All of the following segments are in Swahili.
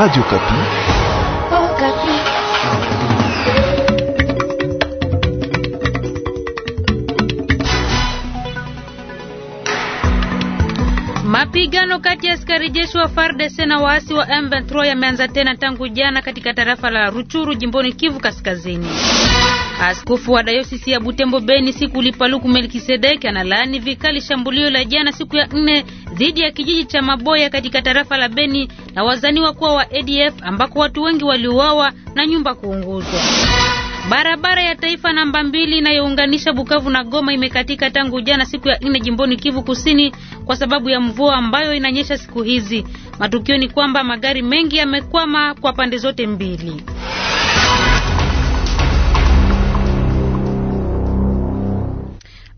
Radio Kapi. Oh, Kapi. Mapigano kati ya askari jeshi wa FARDC na waasi wa M23 yameanza tena tangu jana katika tarafa la Ruchuru jimboni Kivu Kaskazini. Askofu wa dayosisi ya Butembo Beni siku Lipaluku Melkisedeki analaani vikali shambulio la jana siku ya nne dhidi ya kijiji cha Maboya katika tarafa la Beni na wazaniwa kuwa wa ADF ambako watu wengi waliuawa na nyumba kuunguzwa. Barabara ya taifa namba mbili inayounganisha Bukavu na Goma imekatika tangu jana siku ya nne jimboni Kivu Kusini kwa sababu ya mvua ambayo inanyesha siku hizi. Matukio ni kwamba magari mengi yamekwama kwa pande zote mbili.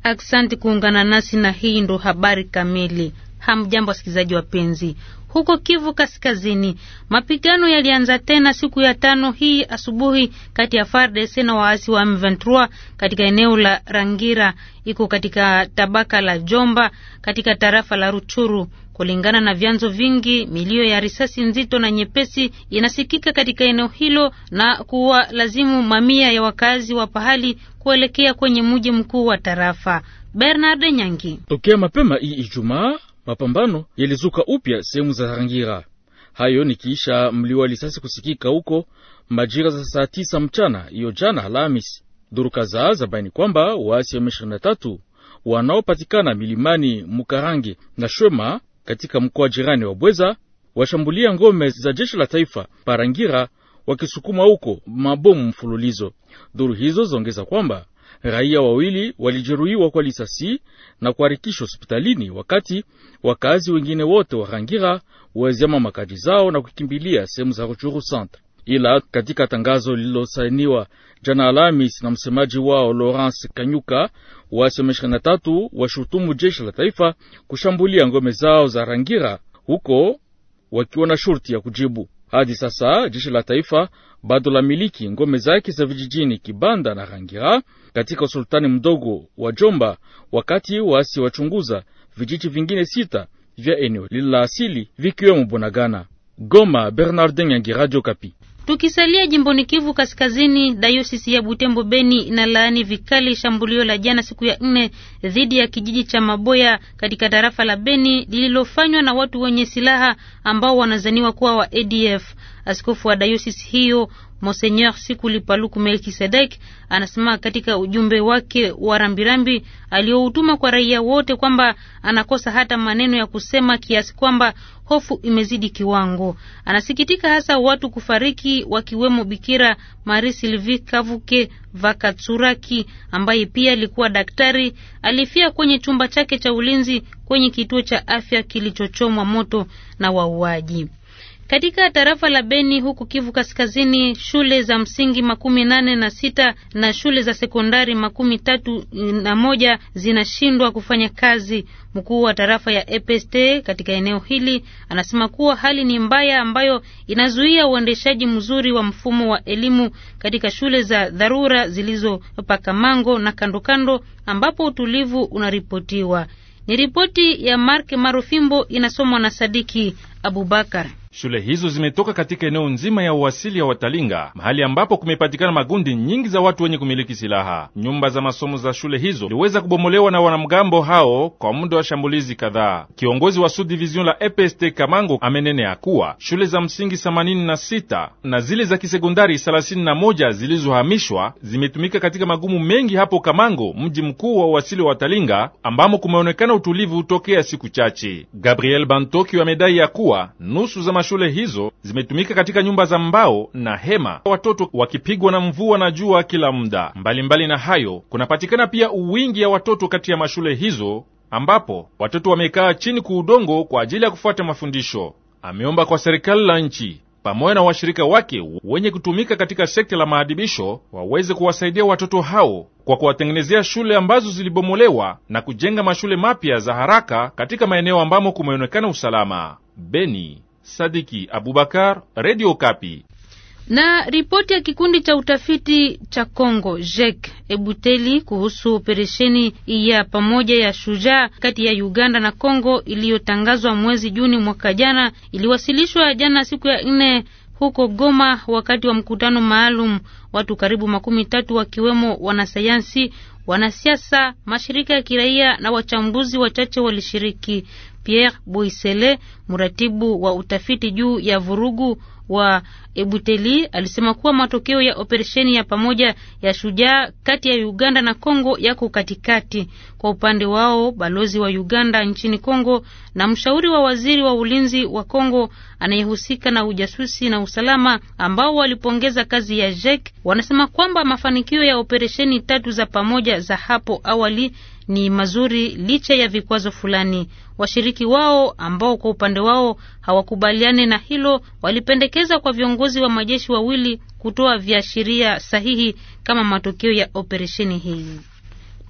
Aksanti kuungana nasi na hii ndo habari kamili. Hamjambo wasikilizaji wapenzi, huko Kivu Kaskazini. Mapigano yalianza tena siku ya tano hii asubuhi kati ya FARDC na waasi wa M23 katika eneo la Rangira iko katika tabaka la Jomba katika tarafa la Ruchuru. Kulingana na vyanzo vingi, milio ya risasi nzito na nyepesi inasikika katika eneo hilo na kuwa lazimu mamia ya wakazi wa pahali kuelekea kwenye mji mkuu wa tarafa. Bernard Nyangi. Tokea mapema hii Ijumaa Mapambano yalizuka upya sehemu za rangira Hayo ni kiisha mlio wa lisasi kusikika huko majira za saa tisa mchana hiyo jana Alhamisi. Duru kadhaa baini kwamba waasi wa M23 wanaopatikana milimani Mukarange na Shwema katika mkoa jirani wa Bweza washambulia ngome za jeshi la taifa Parangira, wakisukuma huko mabomu mfululizo. Duru hizo zaongeza kwamba raia wawili walijeruhiwa kwa lisasi na kuharikishwa hospitalini, wakati wakazi wengine wote wa Rangira waziama makaji zao na kukimbilia sehemu za Ruchuru Centre. Ila katika tangazo lililosainiwa jana Alhamis na msemaji wao Lawrence Kanyuka, waasi wa M23 washutumu jeshi la taifa kushambulia ngome zao za Rangira huko wakiwa na shurti ya kujibu. Hadi sasa jeshi la taifa bado la miliki ngome zake za vijijini Kibanda na Rangira katika usultani mdogo wa Jomba, wakati waasi wachunguza vijiji vingine sita vya eneo lila asili vikiwemo Bunagana. Goma, Bernardin Nyangi, Radio Kapi. Tukisalia jimboni Kivu Kaskazini, dayosisi ya Butembo Beni inalaani vikali shambulio la jana siku ya nne dhidi ya kijiji cha Maboya katika tarafa la Beni lililofanywa na watu wenye silaha ambao wanazaniwa kuwa wa ADF. Askofu wa dayosisi hiyo Monseigneur Sikuli Paluku Melkisedek anasema katika ujumbe wake wa rambirambi aliyoutuma kwa raia wote kwamba anakosa hata maneno ya kusema kiasi kwamba hofu imezidi kiwango. Anasikitika hasa watu kufariki wakiwemo Bikira Marie Sylvie Kavuke Vakatsuraki ambaye pia alikuwa daktari, alifia kwenye chumba chake cha ulinzi kwenye kituo cha afya kilichochomwa moto na wauaji. Katika tarafa la Beni huku Kivu Kaskazini, shule za msingi makumi nane na sita na shule za sekondari makumi tatu na moja zinashindwa kufanya kazi. Mkuu wa tarafa ya EPST katika eneo hili anasema kuwa hali ni mbaya ambayo inazuia uendeshaji mzuri wa mfumo wa elimu katika shule za dharura zilizo Pakamango na kandokando ambapo utulivu unaripotiwa. Ni ripoti ya Mark Marofimbo inasomwa na Sadiki Abubakar. Shule hizo zimetoka katika eneo nzima ya uasili ya Watalinga, mahali ambapo kumepatikana magundi nyingi za watu wenye kumiliki silaha. Nyumba za masomo za shule hizo liweza kubomolewa na wanamgambo hao kwa muda wa shambulizi kadhaa. Kiongozi wa Sud Division la EPST Kamango ya kuwa shule za msingi 86 na zile za kisekondari 31 zilizohamishwa zimetumika katika magumu mengi hapo Kamango, mji mkuu wa uasili wa Watalinga, ambamo kumeonekana utulivu tokea siku chache. Gabriel Bantoki amedai ya kuwa nusu za shule hizo zimetumika katika nyumba za mbao na hema, watoto wakipigwa na mvua na jua kila muda. Mbalimbali na hayo, kunapatikana pia uwingi ya watoto kati ya mashule hizo ambapo watoto wamekaa chini kuudongo udongo kwa ajili ya kufuata mafundisho. Ameomba kwa serikali la nchi pamoja na washirika wake wenye kutumika katika sekta la maadibisho waweze kuwasaidia watoto hao kwa kuwatengenezea shule ambazo zilibomolewa na kujenga mashule mapya za haraka katika maeneo ambamo kumeonekana usalama. Beni, Sadiki Abubakar, Radio Kapi. Na ripoti ya kikundi cha utafiti cha Kongo JEC Ebuteli kuhusu operesheni ya pamoja ya shujaa kati ya Uganda na Kongo iliyotangazwa mwezi Juni mwaka jana iliwasilishwa jana siku ya nne huko Goma wakati wa mkutano maalum. Watu karibu makumi tatu wakiwemo wanasayansi, wanasiasa, mashirika ya kiraia na wachambuzi wachache walishiriki. Pierre Boisele, mratibu wa utafiti juu ya vurugu wa Ebuteli, alisema kuwa matokeo ya operesheni ya pamoja ya Shujaa kati ya Uganda na Kongo yako katikati. Kwa upande wao, balozi wa Uganda nchini Kongo na mshauri wa waziri wa ulinzi wa Kongo anayehusika na ujasusi na usalama, ambao walipongeza kazi ya JEC, wanasema kwamba mafanikio ya operesheni tatu za pamoja za hapo awali ni mazuri licha ya vikwazo fulani. Washiriki wao ambao kwa upande wao hawakubaliani na hilo walipendekeza kwa viongozi wa majeshi wawili kutoa viashiria sahihi kama matokeo ya operesheni hii.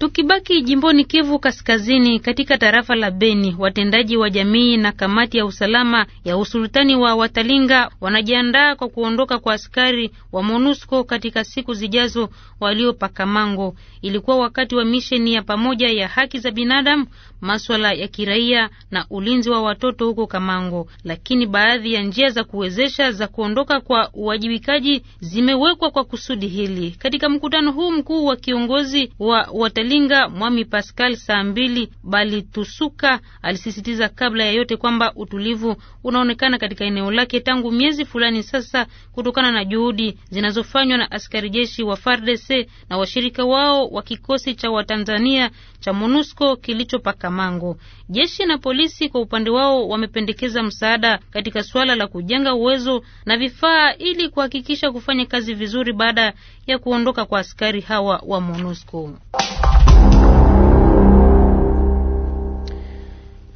Tukibaki jimboni Kivu Kaskazini, katika tarafa la Beni, watendaji wa jamii na kamati ya usalama ya usultani wa Watalinga wanajiandaa kwa kuondoka kwa askari wa MONUSCO katika siku zijazo waliopakamango. Ilikuwa wakati wa misheni ya pamoja ya haki za binadamu, maswala ya kiraia na ulinzi wa watoto huko Kamango, lakini baadhi ya njia za kuwezesha za kuondoka kwa uwajibikaji zimewekwa kwa kusudi hili. Katika mkutano huu mkuu wa kiongozi wa Watalinga Iringa, Mwami Pascal saa mbili Balitusuka alisisitiza kabla ya yote kwamba utulivu unaonekana katika eneo lake tangu miezi fulani sasa, kutokana na juhudi zinazofanywa na askari jeshi wa FARDC na washirika wao wa kikosi cha Watanzania cha MONUSCO kilichopakamango. Jeshi na polisi kwa upande wao wamependekeza msaada katika suala la kujenga uwezo na vifaa ili kuhakikisha kufanya kazi vizuri baada ya kuondoka kwa askari hawa wa MONUSCO.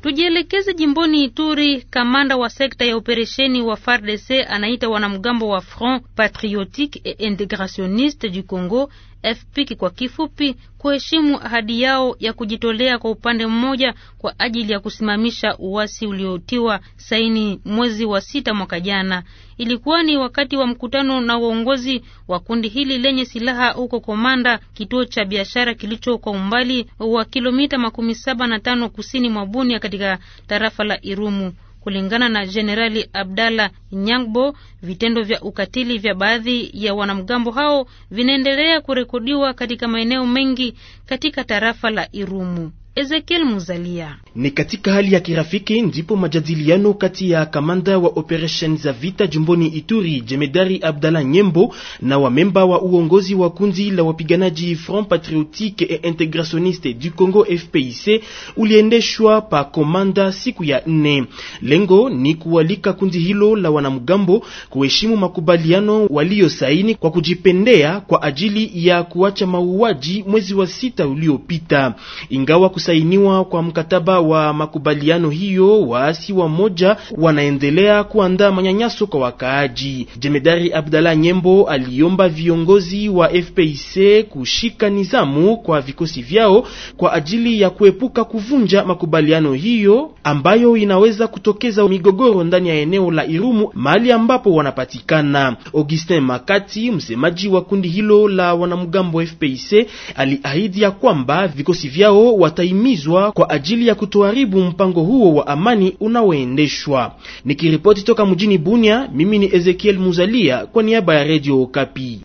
Tujielekeze jimboni Ituri. Kamanda wa sekta ya operesheni wa FARDC anaita wanamgambo wa Front Patriotique et Integrationniste du Congo FPIC kwa kifupi, kuheshimu ahadi yao ya kujitolea kwa upande mmoja kwa ajili ya kusimamisha uasi uliotiwa saini mwezi wa sita mwaka jana. Ilikuwa ni wakati wa mkutano na uongozi wa kundi hili lenye silaha huko Komanda, kituo cha biashara kilicho kwa umbali wa kilomita makumi saba na tano kusini mwa Bunia katika tarafa la Irumu. Kulingana na Jenerali Abdalla Nyangbo, vitendo vya ukatili vya baadhi ya wanamgambo hao vinaendelea kurekodiwa katika maeneo mengi katika tarafa la Irumu. Ezekiel Muzalia. Ni katika hali ya kirafiki ndipo majadiliano kati ya kamanda wa operation za vita jumboni Ituri Jemedari Abdalla Nyembo na wamemba wa uongozi wa kundi la wapiganaji Front Patriotique et Integrationniste du Congo FPIC uliendeshwa pa komanda siku ya nne. Lengo ni kualika kundi hilo la wanamgambo kuheshimu makubaliano waliosaini kwa kujipendea kwa ajili ya kuacha mauaji mwezi wa sita uliopita, ingawa kusainiwa kwa mkataba wa makubaliano hiyo, waasi wa moja wanaendelea kuandaa manyanyaso kwa wakaaji. Jemedari Abdallah Nyembo aliomba viongozi wa FPIC kushika nizamu kwa vikosi vyao kwa ajili ya kuepuka kuvunja makubaliano hiyo ambayo inaweza kutokeza migogoro ndani ya eneo la Irumu mahali ambapo wanapatikana. Augustin Makati, msemaji wa kundi hilo la wanamgambo FPIC, aliahidi ya kwamba vikosi vyao watai kutimizwa kwa ajili ya kutoharibu mpango huo wa amani unaoendeshwa. Nikiripoti toka mjini Bunia, mimi ni Ezekiel Muzalia kwa niaba ya Radio Okapi.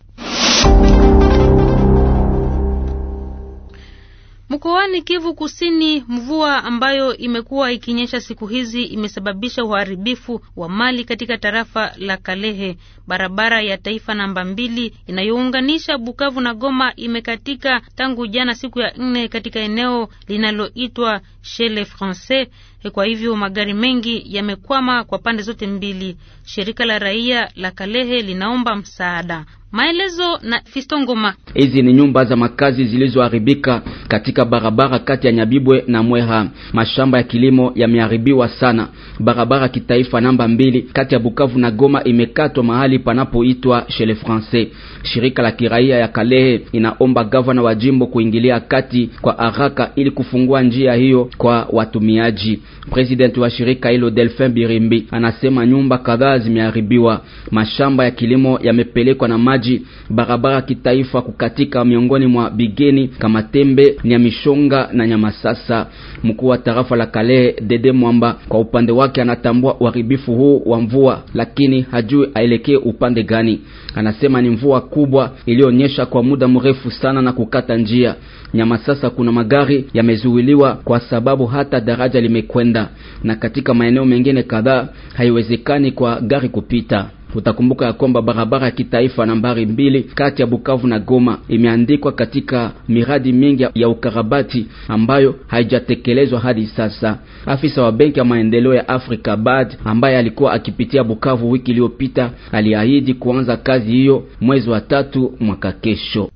Mkoani Kivu Kusini, mvua ambayo imekuwa ikinyesha siku hizi imesababisha uharibifu wa mali katika tarafa la Kalehe. Barabara ya taifa namba mbili inayounganisha Bukavu na Goma imekatika tangu jana siku ya nne katika eneo linaloitwa Chele Francais E kwa hivyo magari mengi yamekwama kwa pande zote mbili. Shirika la raia la Kalehe linaomba msaada. Maelezo na Fiston Ngoma. Hizi ni nyumba za makazi zilizoharibika katika barabara kati ya Nyabibwe na Mweha. Mashamba ya kilimo yameharibiwa sana. Barabara kitaifa namba mbili kati ya Bukavu na Goma imekatwa mahali panapoitwa le Francais. Shirika la kiraia ya Kalehe inaomba gavana wa jimbo kuingilia kati kwa haraka ili kufungua njia hiyo kwa watumiaji. Presidenti wa shirika hilo Delfin Birimbi anasema nyumba kadhaa zimeharibiwa, mashamba ya kilimo yamepelekwa na maji, barabara kitaifa kukatika miongoni mwa bigeni kama Tembe, Nyamishonga na Nyamasasa. Mkuu wa tarafa la Kale Dede Mwamba kwa upande wake anatambua uharibifu huu wa mvua, lakini hajui aelekee upande gani. Anasema ni mvua kubwa iliyonyesha kwa muda mrefu sana na kukata njia nyama sasa kuna magari yamezuiliwa kwa sababu hata daraja limekwenda, na katika maeneo mengine kadhaa haiwezekani kwa gari kupita. Utakumbuka ya kwamba barabara ya kitaifa nambari mbili kati ya Bukavu na Goma imeandikwa katika miradi mingi ya ukarabati ambayo haijatekelezwa hadi sasa. Afisa wa benki ya maendeleo ya Afrika BAD ambaye alikuwa akipitia Bukavu wiki iliyopita aliahidi kuanza kazi hiyo mwezi wa tatu mwaka kesho.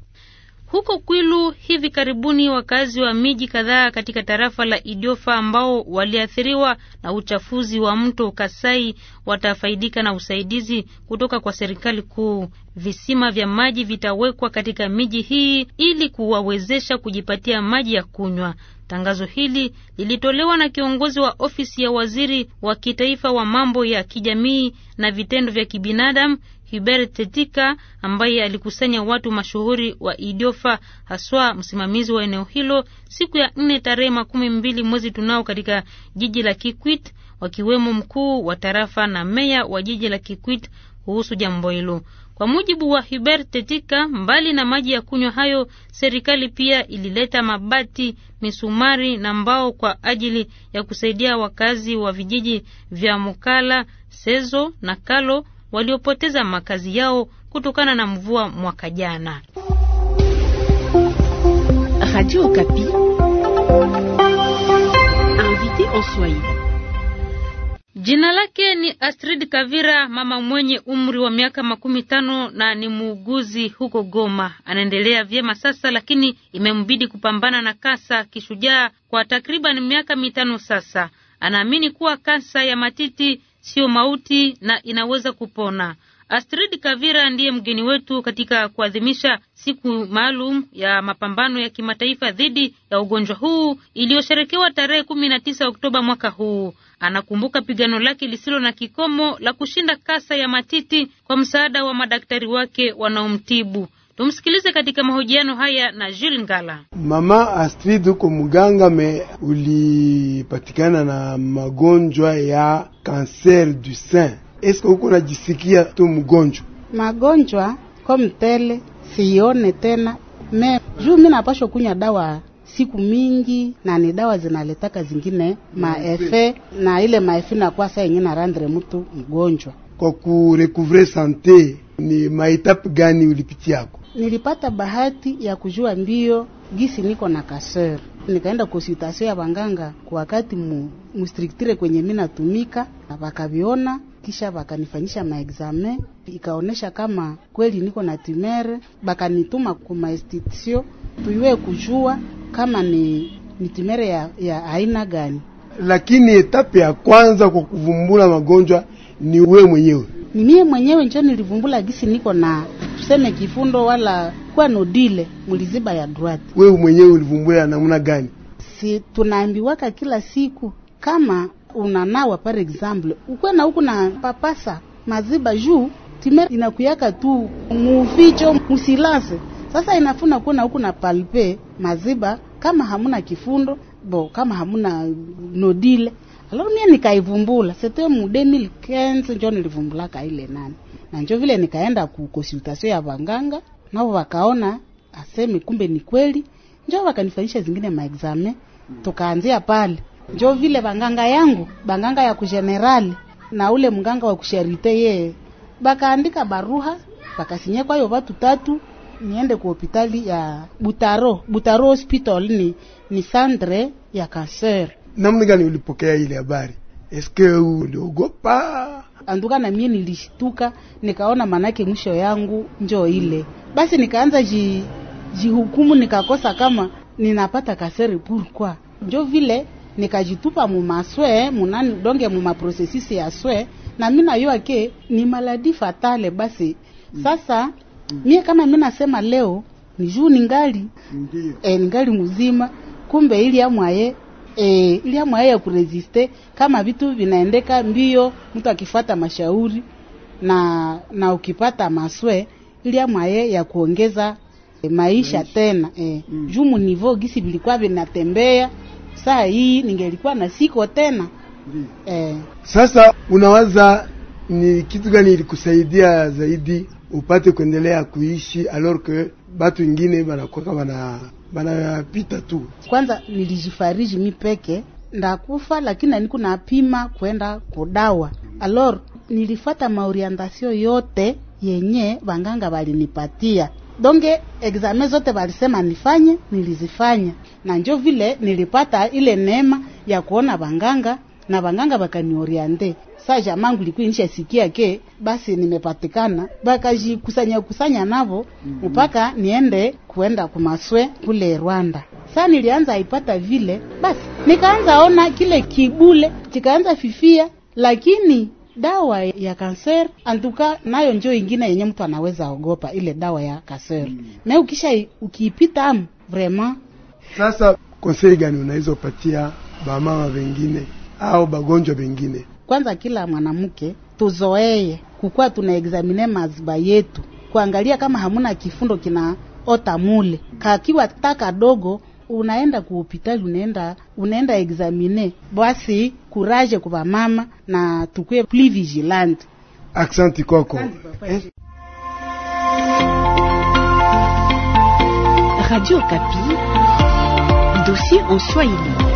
Huko Kwilu hivi karibuni, wakazi wa miji kadhaa katika tarafa la Idiofa ambao waliathiriwa na uchafuzi wa mto Kasai watafaidika na usaidizi kutoka kwa serikali kuu. Visima vya maji vitawekwa katika miji hii ili kuwawezesha kujipatia maji ya kunywa. Tangazo hili lilitolewa na kiongozi wa ofisi ya waziri wa kitaifa wa mambo ya kijamii na vitendo vya kibinadamu Hubert Tetika ambaye alikusanya watu mashuhuri wa Idiofa, haswa msimamizi wa eneo hilo, siku ya nne tarehe makumi mbili mwezi tunao katika jiji la Kikwit, wakiwemo mkuu wa tarafa na meya wa jiji la Kikwit kuhusu jambo hilo. Kwa mujibu wa Hubert Tetika, mbali na maji ya kunywa hayo, serikali pia ilileta mabati, misumari na mbao kwa ajili ya kusaidia wakazi wa vijiji vya Mukala, Sezo na Kalo waliopoteza makazi yao kutokana na mvua mwaka jana. Radio Jina lake ni Astrid Kavira, mama mwenye umri wa miaka makumi tano na ni muuguzi huko Goma. Anaendelea vyema sasa, lakini imembidi kupambana na kansa kishujaa kwa takriban miaka mitano sasa. Anaamini kuwa kansa ya matiti sio mauti na inaweza kupona. Astrid Kavira ndiye mgeni wetu katika kuadhimisha siku maalum ya mapambano ya kimataifa dhidi ya ugonjwa huu iliyosherekewa tarehe kumi na tisa Oktoba mwaka huu. Anakumbuka pigano lake lisilo na kikomo la kushinda kasa ya matiti kwa msaada wa madaktari wake wanaomtibu. Tumsikilize katika mahojiano haya na Jules Ngala. Mama Astrid, uko mganga me, ulipatikana na magonjwa ya cancer du sein, eske uko najisikia tu mgonjwa? Magonjwa ko mtele, sione tena me juu mi napashwa kunya dawa siku mingi na ni dawa zinaletaka zingine maefe mm, na ile maefe nakuwa saa yenyewe narandre mtu mgonjwa. Kwa kurecouvre sante, ni maetape gani ulipitia nilipata bahati ya kujua mbio gisi niko na kaser, nikaenda konsultasio ya wanganga kwa wakati mu, mustriktire kwenye mimi natumika, na bakaviona kisha bakanifanyisha maexame ikaonesha kama kweli niko na timere bakanituma ku maestitio tuiwe kujua kama ni, ni timere ya, ya aina gani. Lakini etape ya kwanza kwa kuvumbula magonjwa ni wewe mwenyewe. Ni mie mwenyewe njo nilivumbula gisi niko na tuseme kifundo wala kwa nodile muliziba ya droite. Wewe mwenyewe ulivumbula namna gani? Si tunaambiwaka kila siku kama unanawa par example ukwe na huku na papasa maziba juu timer inakuyaka tu muficho musilase. Sasa inafuna kuwa huku na palpe maziba kama hamuna kifundo bo, kama hamuna nodile Alo mie nikaivumbula sete mu 2015 njo nilivumbulaka ile nani, na njo vile nikaenda ku consultation ya vanganga, nao vakaona aseme kumbe ni kweli, njo vakanifanyisha zingine maexame, tukaanzia pale. Njo vile vanganga yangu banganga ya kujenerali na ule mganga wa kusharite ye bakaandika baruha bakasinye kwa hiyo watu tatu niende ku hospitali ya Butaro. Butaro hospital ni ni sandre ya cancer namna gani ulipokea ile habari? Eske uliogopa? Anduka na mie nilishtuka, nikaona manake mwisho yangu njo ile basi, nikaanza ji, jihukumu nikakosa kama ninapata kasere pourquoi, njo vile nikajitupa mumaswe munani donge mumaprosesisi ya swe na mi nayoa ke ni maladi fatale. Basi mm. sasa mm. mie kama mi nasema leo ni juu ningali e, eh, ningali muzima kumbe ili amwaye e, ili hamu ya kuresiste kama vitu vinaendeka mbio, mtu akifata mashauri na na ukipata maswe, ili hamu ya kuongeza e, maisha Mish. tena e, mm. jumu nivo gisi bilikuwa vinatembea saa hii ningelikuwa na siko tena mm. e. Sasa unawaza ni kitu gani ilikusaidia zaidi upate kuendelea kuishi alors que batu ingine banakwaka bana banayapita tu. Kwanza nilijifariji mi peke ndakufa, lakini aniku napima kwenda kudawa. Alor, nilifata maoriandasio yote yenye banganga balinipatia donge examen zote walisema nifanye, nilizifanya, na njo vile nilipata ile neema ya kuona banganga na banganga bakanioriante. Saja mangu likuwa sikia ke basi nimepatikana, bakajikusanya kusanya navo mhm. mpaka niende kuenda kumaswe kule Rwanda. Saa nilianza aipata vile basi, nikaanza ona kile kibule chikaanza fifia, lakini dawa ya kanser antuka nayo njo ingine yenye mtu anaweza ogopa ile dawa ya kanser mm. Na ukisha ukiipita am vraiment. Sasa konsei gani unaweza upatia bamama vengine au bagonjwa mengine. Kwanza kila mwanamke tuzoee kukuwa tuna examine maziba yetu, kuangalia kama hamuna kifundo kina ota mule kakiwa taka dogo unaenda kuhopitali, unaenda unaenda examine. Basi kuraje kwa mama na tukue plus vigilant Aksanti koko eh? Radio Kapi, dossier en Swahili.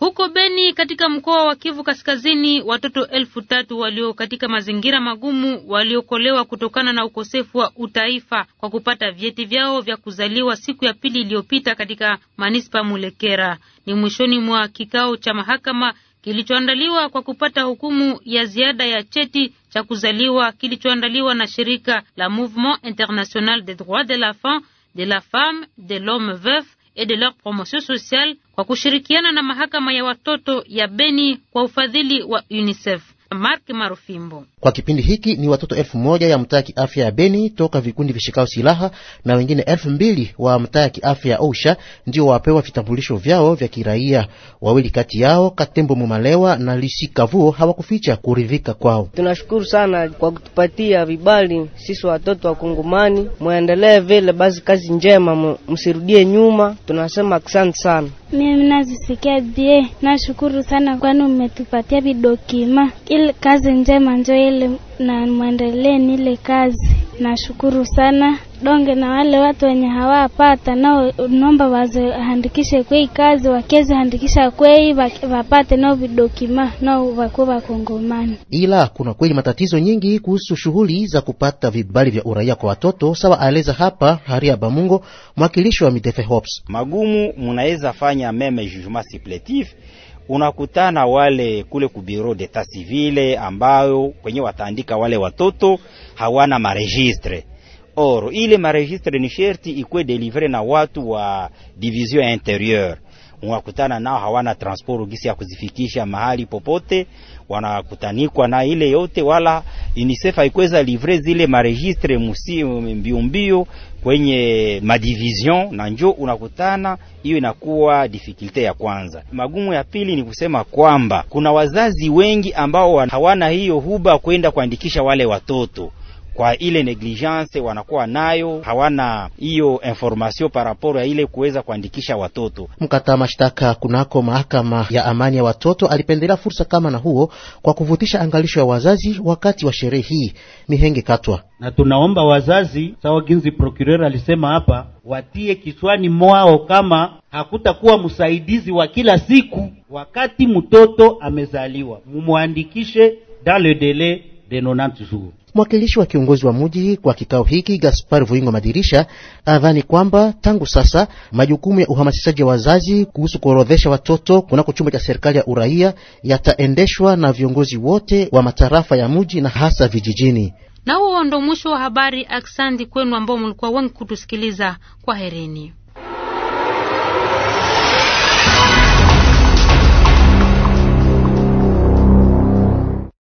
Huko Beni katika mkoa wa Kivu Kaskazini, watoto elfu tatu walio katika mazingira magumu waliokolewa kutokana na ukosefu wa utaifa kwa kupata vyeti vyao vya kuzaliwa siku ya pili iliyopita katika manispa Mulekera. Ni mwishoni mwa kikao cha mahakama kilichoandaliwa kwa kupata hukumu ya ziada ya cheti cha kuzaliwa kilichoandaliwa na shirika la Mouvement International des Droits de la Femme de la Femme de l'Homme Veuf leur Promotion Sociale kwa kushirikiana na mahakama ya watoto ya Beni kwa ufadhili wa UNICEF. Mark Marufimbo. Kwa kipindi hiki ni watoto elfu moja ya mtaa kiafya ya Beni toka vikundi vishikao silaha na wengine elfu mbili wa mtaa kiafya ya Osha ndio wapewa vitambulisho vyao vya kiraia. Wawili kati yao Katembo Mumalewa na Lisi Kavuo hawakuficha kuridhika kwao. Tunashukuru sana kwa kutupatia vibali sisi watoto wa Kongomani, mwendelee vile basi, kazi njema, msirudie nyuma. Tunasema asante sana. Mimi nazisikia die, nashukuru sana, kwani umetupatia vidokima ile kazi njema, njo ile na mwendelee nile kazi. Nashukuru sana donge na wale watu wenye hawapata nao, nomba waziandikishe kwei kazi, andikisha kwei wapate nao vidokima nao wakuwa wakongomani. Ila kuna kweli matatizo nyingi kuhusu shughuli za kupata vibali vya uraia kwa watoto, sawa aeleza hapa Haria Bamungo, mwakilishi wa Mitefe Hops. Magumu munaweza fanya meme jugement suppletif unakutana wale kule ku bureau d'etat civile ambayo kwenye wataandika wale watoto hawana maregistre Or ile maregistre ni sherti ikuwe delivre na watu wa division interieur unakutana nao hawana transport gisi ya kuzifikisha mahali popote, wanakutanikwa na ile yote, wala UNICEF haikuweza livre zile maregistre musi mbiombio kwenye madivision, na njo unakutana hiyo inakuwa difficulty ya kwanza. Magumu ya pili ni kusema kwamba kuna wazazi wengi ambao hawana hiyo huba kwenda kuandikisha wale watoto kwa ile negligence wanakuwa nayo, hawana hiyo information par rapport ya ile kuweza kuandikisha watoto. Mkataa mashtaka kunako mahakama ya amani ya watoto alipendelea fursa kama na huo kwa kuvutisha angalisho ya wazazi wakati wa sherehe hii. Mihenge Katwa: na tunaomba wazazi sawa ginzi procureur alisema hapa, watie kiswani mwao kama hakutakuwa msaidizi wa kila siku. Wakati mtoto amezaliwa, mumwandikishe dans le delai Mwakilishi wa kiongozi wa muji kwa kikao hiki Gaspar Vuingo Madirisha adhani kwamba tangu sasa majukumu ya uhamasishaji wa wazazi kuhusu kuorodhesha watoto kunako chumba cha serikali ya uraia yataendeshwa na viongozi wote wa matarafa ya muji na hasa vijijini. huo ndo mwisho wa habari. Aksandi kwenu ambao mlikuwa wengi kutusikiliza, kwa hereni.